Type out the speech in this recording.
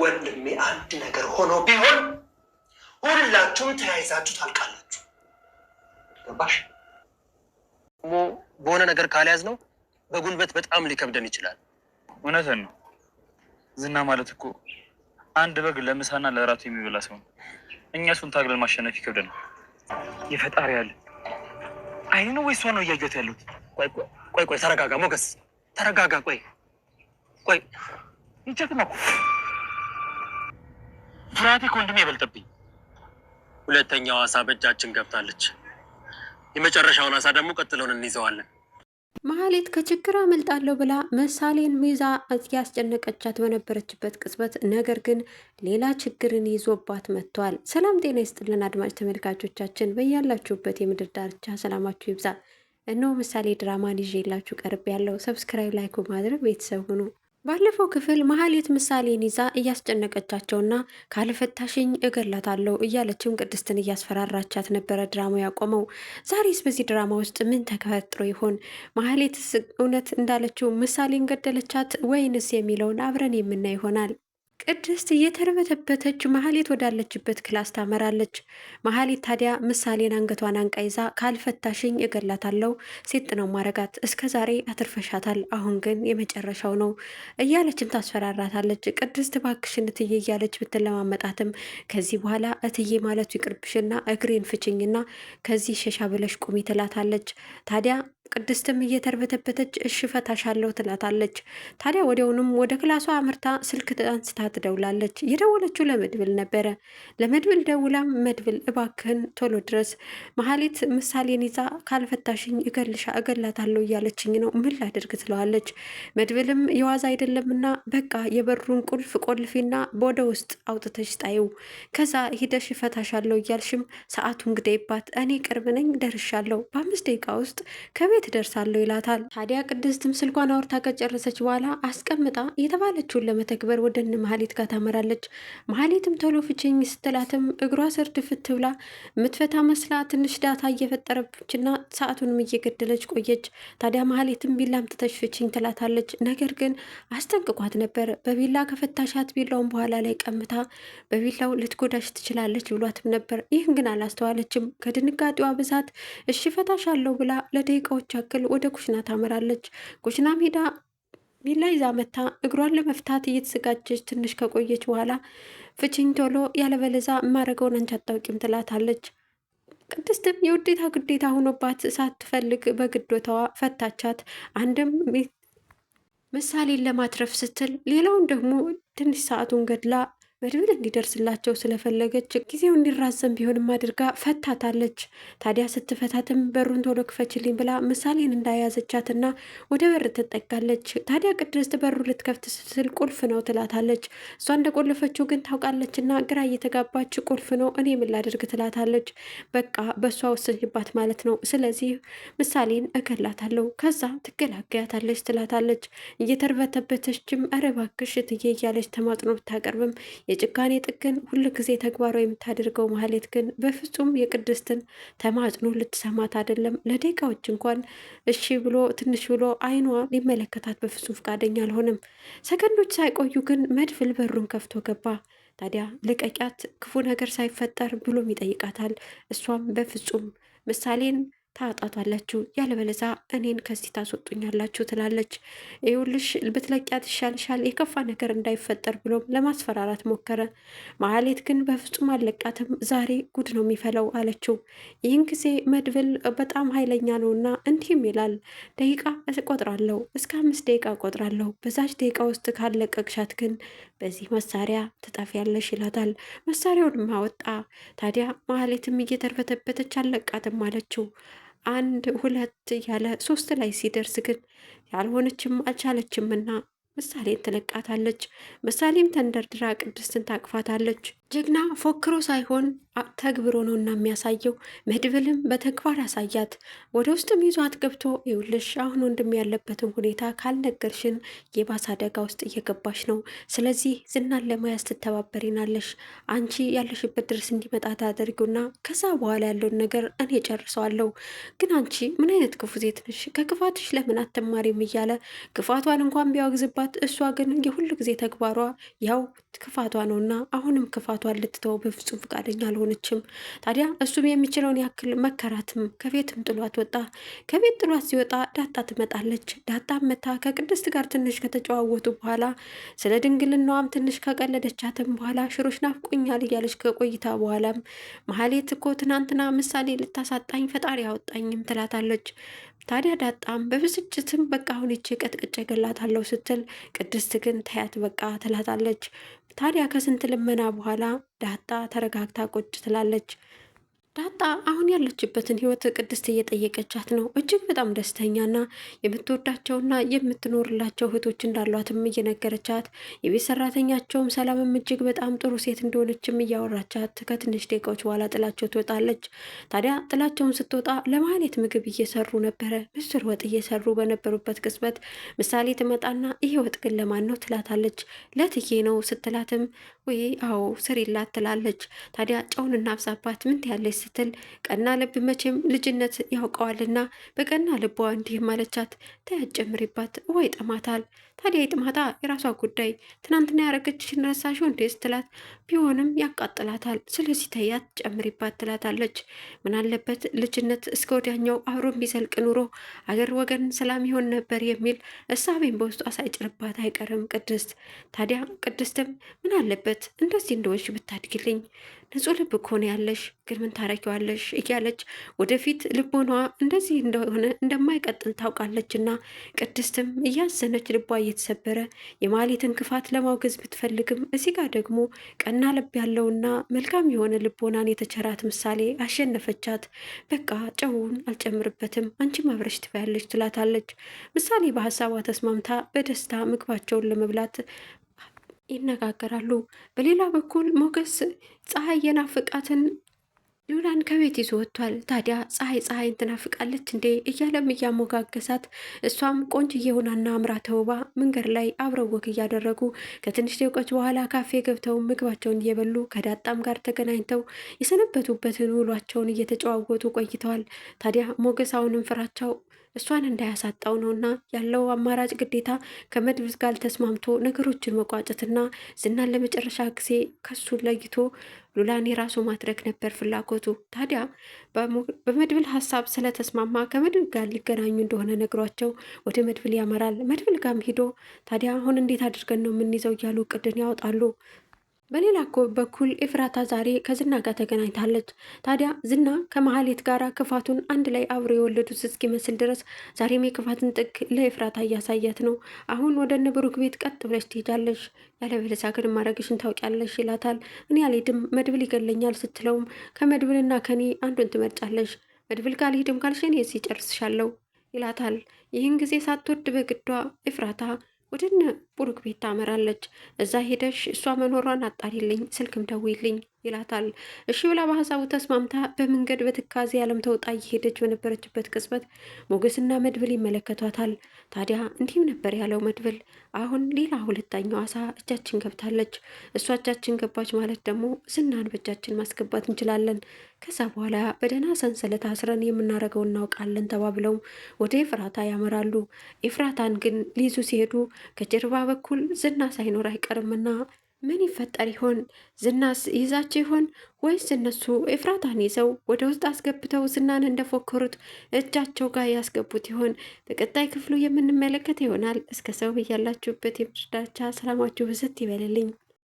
ወንድሜ አንድ ነገር ሆኖ ቢሆን ሁላችሁም ተያይዛችሁ ታልቃላችሁ። ገባሽ? በሆነ ነገር ካልያዝ ነው በጉልበት በጣም ሊከብደን ይችላል። እውነትን ነው። ዝና ማለት እኮ አንድ በግ ለምሳና ለራቱ የሚበላ ሰው ነው። እኛ እሱን ታግለን ማሸነፍ ይከብደን ነው። የፈጣሪ ያለ አይን ነው ወይስ ነው እያየት ያሉት? ቆይ ቆይ ተረጋጋ ሞገስ፣ ተረጋጋ። ቆይ ቆይ ነው ፍርሃቴ ከወንድሜ ይበልጥብኝ። ሁለተኛው አሳ በእጃችን ገብታለች። የመጨረሻውን አሳ ደግሞ ቀጥለውን እንይዘዋለን። መሀሌት ከችግር አመልጣለሁ ብላ ምሳሌን ሚዛ እያስጨነቀቻት በነበረችበት ቅጽበት ነገር ግን ሌላ ችግርን ይዞባት መጥቷል። ሰላም ጤና ይስጥልን አድማጭ ተመልካቾቻችን በያላችሁበት የምድር ዳርቻ ሰላማችሁ ይብዛ። እነሆ ምሳሌ ድራማን ይዤላችሁ ቀርብ ያለው ሰብስክራይብ፣ ላይክ ማድረግ ቤተሰብ ሁኑ። ባለፈው ክፍል መሀሌት ምሳሌን ይዛ እያስጨነቀቻቸውና ካልፈታሽኝ እገላታለሁ እያለችም ቅድስትን እያስፈራራቻት ነበረ ድራማው ያቆመው። ዛሬስ በዚህ ድራማ ውስጥ ምን ተፈጥሮ ይሆን? መሀሌትስ እውነት እንዳለችው ምሳሌን ገደለቻት ወይንስ የሚለውን አብረን የምናይ ይሆናል። ቅድስት እየተርበተበተች መሀሌት ወዳለችበት ክላስ ታመራለች። መሀሌት ታዲያ ምሳሌን አንገቷን አንቃ ይዛ ካልፈታሽኝ እገላታለሁ፣ ሴት ነው ማረጋት፣ እስከ ዛሬ አትርፈሻታል፣ አሁን ግን የመጨረሻው ነው እያለችም ታስፈራራታለች። ቅድስት እባክሽን እትዬ እያለች ብትለማመጣትም ከዚህ በኋላ እትዬ ማለቱ ይቅርብሽና እግሬን ፍችኝና ከዚህ ሸሻ ብለሽ ቁሚ ትላታለች። ታዲያ ቅድስትም እየተርበተበተች እሽ ፈታሻለሁ ትላታለች። ታዲያ ወዲያውኑም ወደ ክላሷ አምርታ ስልክ አንስታ ትደውላለች። የደወለችው ለመድብል ነበረ። ለመድብል ደውላም መድብል እባክህን ቶሎ ድረስ መሀሌት ምሳሌን ይዛ ካልፈታሽኝ እገልሻ እገላታለሁ እያለችኝ ነው ምን ላድርግ ትለዋለች። መድብልም የዋዛ አይደለምና በቃ የበሩን ቁልፍ ቆልፊና ወደ ውስጥ አውጥተሽ ጣይው ከዛ ሂደሽ አለው እያልሽም ሰዓቱ እንግዳይባት እኔ ቅርብ ነኝ ደርሻለሁ በአምስት ደቂቃ ውስጥ ከቤ ቤት እደርሳለሁ ይላታል። ታዲያ ቅድስትም ስልኳን አውርታ ከጨረሰች በኋላ አስቀምጣ የተባለችውን ለመተግበር ወደ እነ መሀሌት ጋር ታመራለች። መሀሌትም ቶሎ ፍችኝ ስትላትም እግሯ ስር ድፍት ብላ ምትፈታ መስላ ትንሽ ዳታ እየፈጠረችና ሰዓቱንም እየገደለች ቆየች። ታዲያ መሀሌትም ቢላም ትተሽ ፍችኝ ትላታለች። ነገር ግን አስጠንቅቋት ነበር። በቢላ ከፈታሻት ቢላውን በኋላ ላይ ቀምታ በቢላው ልትጎዳሽ ትችላለች ብሏትም ነበር። ይህን ግን አላስተዋለችም። ከድንጋጤዋ ብዛት እሺ ፈታሻለሁ ብላ ለደቂቃዎች የቻለች ያክል ወደ ኩሽና ታመራለች። ኩሽናም ሄዳ ቢላ ይዛ መታ እግሯን ለመፍታት እየተዘጋጀች ትንሽ ከቆየች በኋላ ፍቺኝ ቶሎ ያለበለዛ ማረገውን አንቺ አታውቂም ትላታለች። ቅድስትም የውዴታ ግዴታ ሆኖባት ሳትፈልግ በግዶታዋ ፈታቻት። አንድም ምሳሌን ለማትረፍ ስትል ሌላውን ደግሞ ትንሽ ሰዓቱን ገድላ በድል እንዲደርስላቸው ስለፈለገች ጊዜው እንዲራዘም ቢሆንም አድርጋ ፈታታለች። ታዲያ ስትፈታትም በሩን ቶሎ ክፈችልኝ ብላ ምሳሌን እንዳያዘቻትና ወደ በር ትጠጋለች። ታዲያ ቅድስት በሩ ልትከፍት ስትል ቁልፍ ነው ትላታለች። እሷ እንደቆለፈችው ግን ታውቃለችና ግራ እየተጋባች ቁልፍ ነው እኔ ምን ትላታለች። በቃ በእሷ ወሰኝባት ማለት ነው። ስለዚህ ምሳሌን እገላታለሁ፣ ከዛ ትገላገያታለች ትላታለች። እየተርበተበተችም ኧረ እባክሽ እትዬ እያለች ተማጽኖ ብታቀርብም የጭካኔ ጥግን ሁል ጊዜ ተግባሯ የምታደርገው ማህሌት ግን በፍጹም የቅድስትን ተማጽኖ ልትሰማት አይደለም። ለደቂቃዎች እንኳን እሺ ብሎ ትንሽ ብሎ አይኗ ሊመለከታት በፍጹም ፈቃደኛ አልሆነም። ሰከንዶች ሳይቆዩ ግን መድፍል በሩን ከፍቶ ገባ። ታዲያ ልቀቂያት ክፉ ነገር ሳይፈጠር ብሎም ይጠይቃታል። እሷም በፍጹም ምሳሌን ታጣቷላችሁ፣ ያለበለዛ እኔን ከዚህ ታስወጡኛላችሁ ትላለች። ይኸውልሽ ብትለቂያት ይሻልሻል የከፋ ነገር እንዳይፈጠር ብሎም ለማስፈራራት ሞከረ። መሀሌት ግን በፍጹም አለቃትም፣ ዛሬ ጉድ ነው የሚፈለው አለችው። ይህን ጊዜ መድብል በጣም ኃይለኛ ነውና እንዲህም ይላል፣ ደቂቃ እቆጥራለሁ፣ እስከ አምስት ደቂቃ እቆጥራለሁ። በዛች ደቂቃ ውስጥ ካለቀቅሻት ግን በዚህ መሳሪያ ትጠፊያለሽ ይላታል። መሳሪያውንም አወጣ። ታዲያ መሀሌትም እየተርበተበተች አለቃትም አለችው። አንድ ሁለት እያለ ሶስት ላይ ሲደርስ ግን ያልሆነችም አልቻለችምና ምሳሌን ትለቃታለች። ምሳሌም ተንደርድራ ቅድስትን ታቅፋታለች። ጀግና ፎክሮ ሳይሆን ተግብሮ ነው እና የሚያሳየው። መድብልም በተግባር አሳያት። ወደ ውስጥም ይዟት ገብቶ ይውልሽ፣ አሁን ወንድም ያለበትን ሁኔታ ካልነገርሽን የባስ አደጋ ውስጥ እየገባሽ ነው። ስለዚህ ዝናን ለመያዝ ትተባበሪናለሽ። አንቺ ያለሽበት ድረስ እንዲመጣ ታደርጊውና ከዛ በኋላ ያለውን ነገር እኔ ጨርሰዋለሁ። ግን አንቺ ምን አይነት ክፉ ሴት ነሽ? ከክፋትሽ ለምን አትማሪም? እያለ ክፋቷን እንኳን ቢያወግዝባት፣ እሷ ግን የሁሉ ጊዜ ተግባሯ ያው ክፋቷ ነውና አሁንም ክፋ አባቷን ልትተው በፍጹም ፈቃደኛ አልሆነችም። ታዲያ እሱም የሚችለውን ያክል መከራትም ከቤትም ጥሏት ወጣ። ከቤት ጥሏት ሲወጣ ዳጣ ትመጣለች። ዳጣ መታ ከቅድስት ጋር ትንሽ ከተጨዋወቱ በኋላ ስለ ድንግልናዋም ትንሽ ከቀለደቻትም በኋላ ሽሮሽ ናፍቆኛል እያለች ከቆይታ በኋላም መሀሌት እኮ ትናንትና ምሳሌ ልታሳጣኝ ፈጣሪ አወጣኝም ትላታለች። ታዲያ ዳጣም በብስጭትም በቃ አሁን ይቺ ቀጥቅጭ ገላታለሁ ስትል፣ ቅድስት ግን ታያት በቃ ትላታለች። ታዲያ ከስንት ልመና በኋላ ዳጣ ተረጋግታ ቁጭ ትላለች። ዳጣ አሁን ያለችበትን ህይወት ቅድስት እየጠየቀቻት ነው። እጅግ በጣም ደስተኛና የምትወዳቸውና የምትኖርላቸው እህቶች እንዳሏትም እየነገረቻት የቤት ሰራተኛቸውም ሰላምም እጅግ በጣም ጥሩ ሴት እንደሆነችም እያወራቻት ከትንሽ ደቂቃዎች በኋላ ጥላቸው ትወጣለች። ታዲያ ጥላቸውን ስትወጣ ለማህሌት ምግብ እየሰሩ ነበረ። ምስር ወጥ እየሰሩ በነበሩበት ቅጽበት ምሳሌ ትመጣና ይሄ ወጥ ግን ለማን ነው ትላታለች። ለትዬ ነው ስትላትም ወይ አዎ ስሪላት ትላለች። ታዲያ ጨውን እናብዛባት ምን ትያለች ስትል ቀና ልብ መቼም ልጅነት ያውቀዋልና በቀና ልቧ እንዲህ ማለቻት። ተያጨምሪባት ወይ ይጥማታል። ታዲያ ይጥማታ የራሷ ጉዳይ። ትናንትና ያረገችሽን ረሳሽው እንዴ ስትላት፣ ቢሆንም ያቃጥላታል። ስለዚህ ተያት ጨምሪባት ትላታለች። ምን አለበት ልጅነት እስከ ወዲያኛው አብሮ ቢዘልቅ ኑሮ አገር ወገን ሰላም ይሆን ነበር የሚል እሳቤን በውስጧ ሳይጭርባት አይቀርም ቅድስት። ታዲያ ቅድስትም ምን አለበት እንደዚህ እንደሆንሽ ብታድግልኝ ንጹህ ልብ እኮ ነው ያለሽ፣ ግን ምን ታረጊዋለሽ እያለች ወደፊት ልቦኗ እንደዚህ እንደሆነ እንደማይቀጥል ታውቃለችና ቅድስትም እያዘነች ልቧ እየተሰበረ የማሌትን ክፋት ለማውገዝ ብትፈልግም እዚህ ጋር ደግሞ ቀና ልብ ያለውና መልካም የሆነ ልቦናን የተቸራት ምሳሌ አሸነፈቻት። በቃ ጨውን አልጨምርበትም፣ አንቺ ማብረሽ ትበያለች ትላታለች። ምሳሌ በሀሳቧ ተስማምታ በደስታ ምግባቸውን ለመብላት ይነጋገራሉ። በሌላ በኩል ሞገስ ፀሐይ የናፍቃትን ሉላን ከቤት ይዞ ወጥቷል። ታዲያ ፀሐይ ፀሐይን ትናፍቃለች እንዴ እያለም እያሞጋገሳት እሷም ቆንጅዬ ሆናና አምራ ተውባ መንገድ ላይ አብረው ወግ እያደረጉ ከትንሽ ደቂቃዎች በኋላ ካፌ ገብተው ምግባቸውን እየበሉ ከዳጣም ጋር ተገናኝተው የሰነበቱበትን ውሏቸውን እየተጨዋወቱ ቆይተዋል። ታዲያ ሞገስ አሁንም ፍራቸው እሷን እንዳያሳጣው ነውና ያለው አማራጭ ግዴታ ከመድብል ጋር ተስማምቶ ነገሮችን መቋጨትና ዝናን ለመጨረሻ ጊዜ ከሱ ለይቶ ሉላን የራሱ ማድረግ ነበር ፍላጎቱ። ታዲያ በመድብል ሀሳብ ስለተስማማ ከመድብል ጋር ሊገናኙ እንደሆነ ነግሯቸው ወደ መድብል ያመራል። መድብል ጋርም ሂዶ ታዲያ አሁን እንዴት አድርገን ነው የምንይዘው እያሉ ቅድን ያወጣሉ። በሌላ በኩል ኤፍራታ ዛሬ ከዝና ጋር ተገናኝታለች። ታዲያ ዝና ከመሀሌት ጋር ክፋቱን አንድ ላይ አብሮ የወለዱት እስኪመስል ድረስ ዛሬም የክፋትን ጥግ ለኤፍራታ እያሳያት ነው። አሁን ወደ እነ ቤት ቀጥ ብለሽ ትሄጃለሽ፣ ያለበለዛ ግን ማድረግሽን ታውቂያለሽ ይላታል። እኔ አልሄድም መድብል ይገለኛል ስትለውም ከመድብልና ከኔ አንዱን ትመርጫለሽ፣ መድብል ካልሄድም ካልሽ እኔ እዚህ ጨርስሻለሁ ይላታል። ይህን ጊዜ ሳትወድ በግዷ ኤፍራታ ወደነ ቡሩክ ቤት ታመራለች። እዛ ሄደሽ እሷ መኖሯን አጣሪልኝ፣ ስልክም ደውይልኝ ይላታል። እሺ ብላ በሀሳቡ ተስማምታ በመንገድ በትካዜ ያለም ተውጣ እየሄደች በነበረችበት ቅጽበት ሞገስና መድብል ይመለከቷታል። ታዲያ እንዲህም ነበር ያለው መድብል፣ አሁን ሌላ ሁለተኛው አሳ እጃችን ገብታለች። እሷ እጃችን ገባች ማለት ደግሞ ዝናን በእጃችን ማስገባት እንችላለን። ከዛ በኋላ በደህና ሰንሰለት አስረን የምናደርገው እናውቃለን ተባብለው ወደ ኤፍራታ ያመራሉ። ኤፍራታን ግን ሊይዙ ሲሄዱ ከጀርባ በኩል ዝና ሳይኖር አይቀርምና ምን ይፈጠር ይሆን? ዝናስ ይዛቸው ይሆን ወይስ እነሱ ኤፍራታን ይዘው ወደ ውስጥ አስገብተው ዝናን እንደፎከሩት እጃቸው ጋር ያስገቡት ይሆን? በቀጣይ ክፍሉ የምንመለከት ይሆናል። እስከ ሰው ብያላችሁበት የምድር ዳርቻ ሰላማችሁ ብዝት ይበልልኝ።